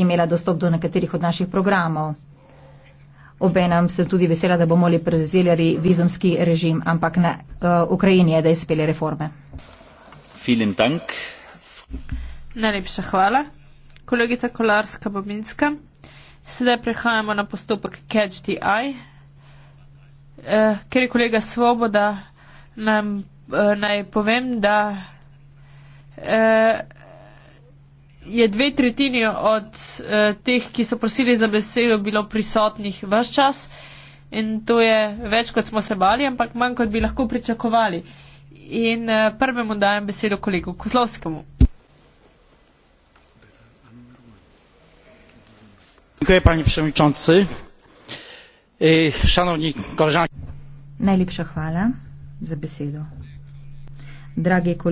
imela dostop do nekaterih od naših programov. Obenem sem tudi vesela, da bomo li prezeljali vizumski režim, ampak na uh, Ukrajini je, da izpeli reforme. Najlepša hvala. Kolegica Kolarska Bobinska, sedaj prehajamo na postopek Catch the Eye. Uh, ker je kolega svoboda, naj, uh, eh, naj povem, da uh, je dve tretjini od uh, teh, ki so prosili za besedo, bilo prisotnih vaš čas in to je več, kot smo se bali, ampak manj, kot bi lahko pričakovali. In uh, prvemu dajem besedo kolegu Kozlovskemu. Dziękuję Panie Przewodniczący. E, szanowni koleżanki. Najlepsza chwała za besedo. Dragie kolegi.